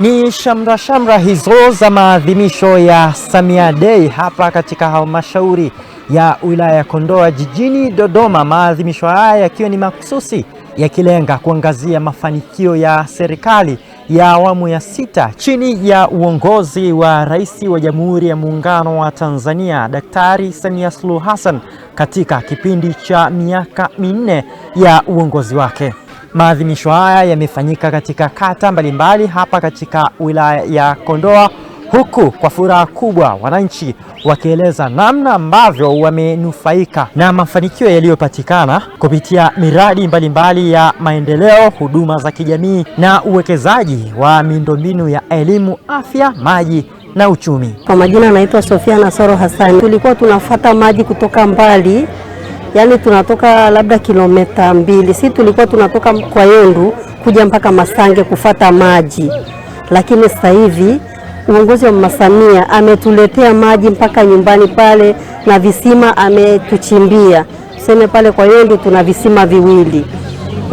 Ni shamra shamra hizo za maadhimisho ya Samia Day hapa katika halmashauri ya wilaya ya Kondoa jijini Dodoma, maadhimisho haya yakiwa ni makususi yakilenga kuangazia mafanikio ya serikali ya awamu ya sita chini ya uongozi wa Rais wa Jamhuri ya Muungano wa Tanzania Daktari Samia Suluhu Hassan katika kipindi cha miaka minne ya uongozi wake. Maadhimisho haya yamefanyika katika kata mbalimbali hapa katika wilaya ya Kondoa, huku kwa furaha kubwa wananchi wakieleza namna ambavyo wamenufaika na mafanikio yaliyopatikana kupitia miradi mbalimbali mbali ya maendeleo, huduma za kijamii na uwekezaji wa miundombinu ya elimu, afya, maji na uchumi. Kwa majina anaitwa Sofia Nasoro Hasani. Tulikuwa tunafuata maji kutoka mbali yani tunatoka labda kilomita mbili. Si tulikuwa tunatoka kwa Yendu kuja mpaka Masange kufata maji, lakini sasa hivi uongozi wa Mama Samia ametuletea maji mpaka nyumbani pale na visima ametuchimbia. Tuseme pale kwa Yendu tuna visima viwili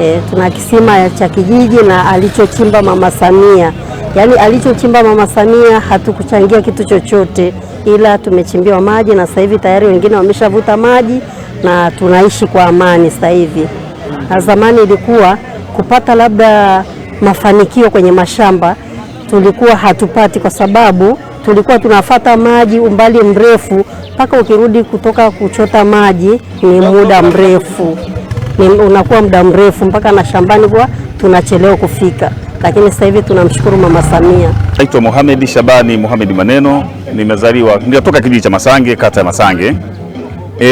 e, tuna kisima cha kijiji na alichochimba Mama Samia yaani alichochimba Mama Samia hatukuchangia kitu chochote, ila tumechimbiwa maji na sasa hivi tayari wengine wameshavuta maji na tunaishi kwa amani sasa hivi. Na zamani ilikuwa kupata labda mafanikio kwenye mashamba tulikuwa hatupati, kwa sababu tulikuwa tunafata maji umbali mrefu, mpaka ukirudi kutoka kuchota maji ni muda mrefu, ni unakuwa muda mrefu mpaka na shambani kwa tunachelewa kufika, lakini sasa hivi tunamshukuru Mama Samia. Naitwa Mohamed Shabani Mohamed Maneno, nimezaliwa, ninatoka kijiji cha Masange, kata ya Masange e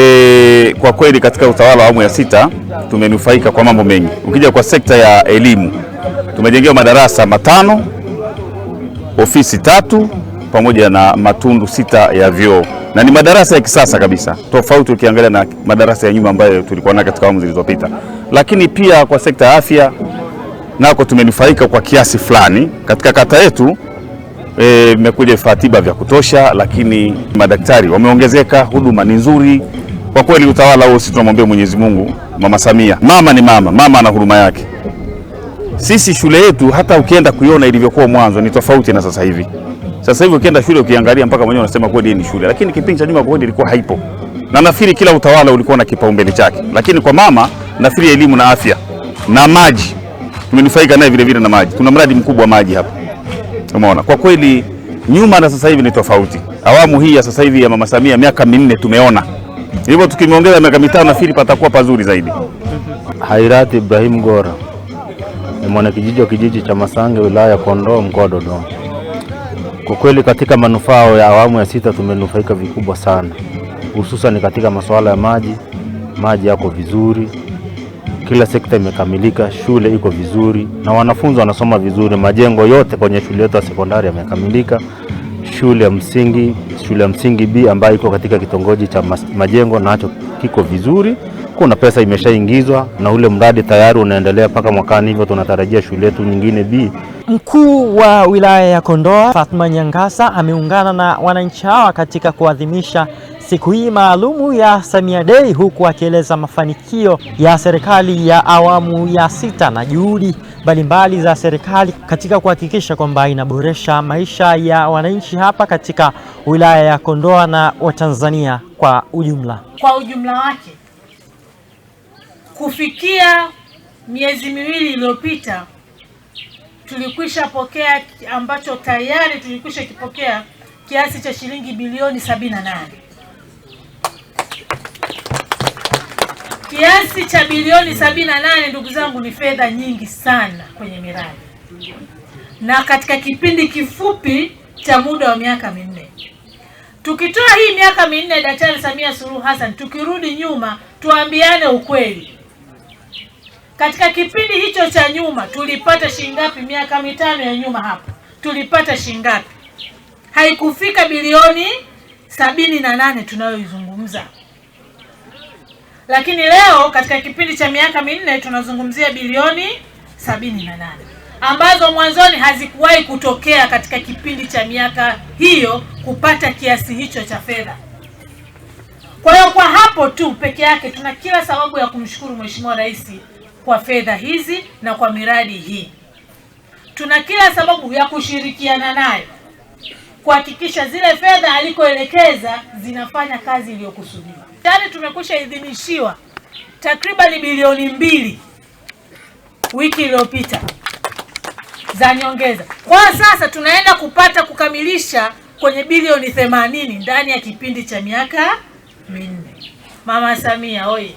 kwa kweli katika utawala wa awamu ya sita tumenufaika kwa mambo mengi. Ukija kwa sekta ya elimu, tumejengewa madarasa matano, ofisi tatu, pamoja na matundu sita ya vyoo, na ni madarasa ya kisasa kabisa, tofauti ukiangalia na madarasa ya nyuma ambayo tulikuwa nayo katika awamu zilizopita. Lakini pia kwa sekta ya afya nako tumenufaika kwa kiasi fulani katika kata yetu imekuja e, vifaa tiba vya kutosha, lakini madaktari wameongezeka, huduma ni nzuri. Kwa kweli utawala huo, sisi tunamwambia Mwenyezi Mungu, mama Samia, mama ni mama, mama ana huruma yake. Sisi shule yetu hata ukienda kuiona ilivyokuwa mwanzo ni tofauti na sasa hivi. Sasa hivi ukienda shule ukiangalia, mpaka mwenyewe unasema kweli ni shule, lakini kipindi cha nyuma kweli ilikuwa haipo, na nafikiri kila utawala ulikuwa na kipaumbele chake, lakini kwa mama nafikiri elimu na afya na maji tumenufaika naye vile vile, na maji tuna mradi mkubwa wa maji hapa. Umeona, kwa kweli nyuma na sasa hivi ni tofauti. Awamu hii ya sasa hivi ya mama Samia, miaka minne tumeona hivyo tukimwongeza miaka mitano nafikiri patakuwa pazuri zaidi. Hairati Ibrahim Gora ni mwanakijiji wa kijiji cha Masange, wilaya ya Kondoa, mkoa wa Dodoma. Kwa kweli katika manufaa ya awamu ya sita tumenufaika vikubwa sana, hususan katika masuala ya maji. Maji yako vizuri, kila sekta imekamilika, shule iko vizuri na wanafunzi wanasoma vizuri. Majengo yote kwenye shule yetu ya sekondari yamekamilika shule ya msingi shule ya msingi B ambayo iko katika kitongoji cha Majengo, nacho kiko vizuri. Kuna pesa imeshaingizwa na ule mradi tayari unaendelea mpaka mwakani, hivyo tunatarajia shule yetu nyingine B. Mkuu wa wilaya ya Kondoa Fatma Nyangasa ameungana na wananchi hawa katika kuadhimisha siku hii maalumu ya Samia Day, huku akieleza mafanikio ya serikali ya awamu ya sita na juhudi mbalimbali za serikali katika kuhakikisha kwamba inaboresha maisha ya wananchi hapa katika wilaya ya Kondoa na Watanzania kwa ujumla. Kwa ujumla wake kufikia miezi miwili iliyopita tulikwisha pokea ambacho tayari tulikwisha kipokea kiasi cha shilingi bilioni 78 Kiasi cha bilioni sabini na nane ndugu zangu, ni fedha nyingi sana kwenye miradi, na katika kipindi kifupi cha muda wa miaka minne. Tukitoa hii miaka minne, Daktari Samia Suluhu Hassan, tukirudi nyuma, tuambiane ukweli, katika kipindi hicho cha nyuma tulipata shingapi? Miaka mitano ya nyuma hapo tulipata shingapi? Haikufika bilioni sabini na nane tunayoizungumza. Lakini leo katika kipindi cha miaka minne tunazungumzia bilioni sabini na nane ambazo mwanzoni hazikuwahi kutokea katika kipindi cha miaka hiyo kupata kiasi hicho cha fedha. Kwa hiyo kwa hapo tu peke yake tuna kila sababu ya kumshukuru Mheshimiwa Rais kwa fedha hizi na kwa miradi hii. Tuna kila sababu ya kushirikiana naye kuhakikisha zile fedha alikoelekeza zinafanya kazi iliyokusudiwa tayari tumekusha idhinishiwa takribani bilioni mbili wiki iliyopita za nyongeza. Kwa sasa tunaenda kupata kukamilisha kwenye bilioni themanini ndani ya kipindi cha miaka minne. Mama Samia oye!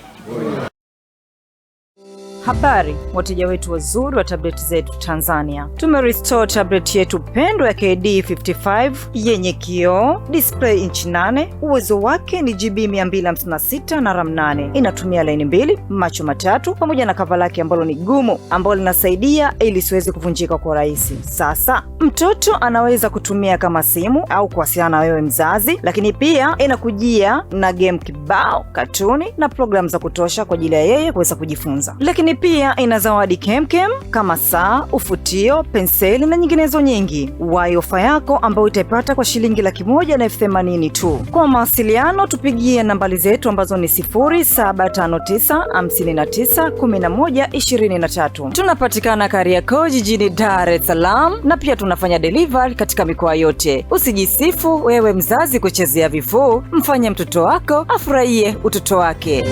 Habari wateja wetu wazuri wa tableti zetu Tanzania, tumerestore tableti yetu pendwa ya KD55 yenye kioo, display inch 8, uwezo wake ni GB 256 na RAM 8. Inatumia laini mbili, macho matatu, pamoja na kava lake ambalo ni gumu, ambalo linasaidia ili siweze kuvunjika kwa rahisi. Sasa mtoto anaweza kutumia kama simu au kuwasiliana na wewe mzazi, lakini pia inakujia na game kibao, katuni na programu za kutosha kwa ajili ya yeye kuweza kujifunza, lakini lakini pia ina zawadi kemkem kama saa, ufutio, penseli na nyinginezo nyingi. wai ofa yako ambayo utaipata kwa shilingi laki moja na elfu themanini tu. Kwa mawasiliano tupigie nambari zetu ambazo ni 0759591123. Tunapatikana Kariakoo jijini Dar es Salaam na pia tunafanya delivery katika mikoa yote. Usijisifu wewe mzazi kuchezea vifuu, mfanye mtoto wako afurahie utoto wake.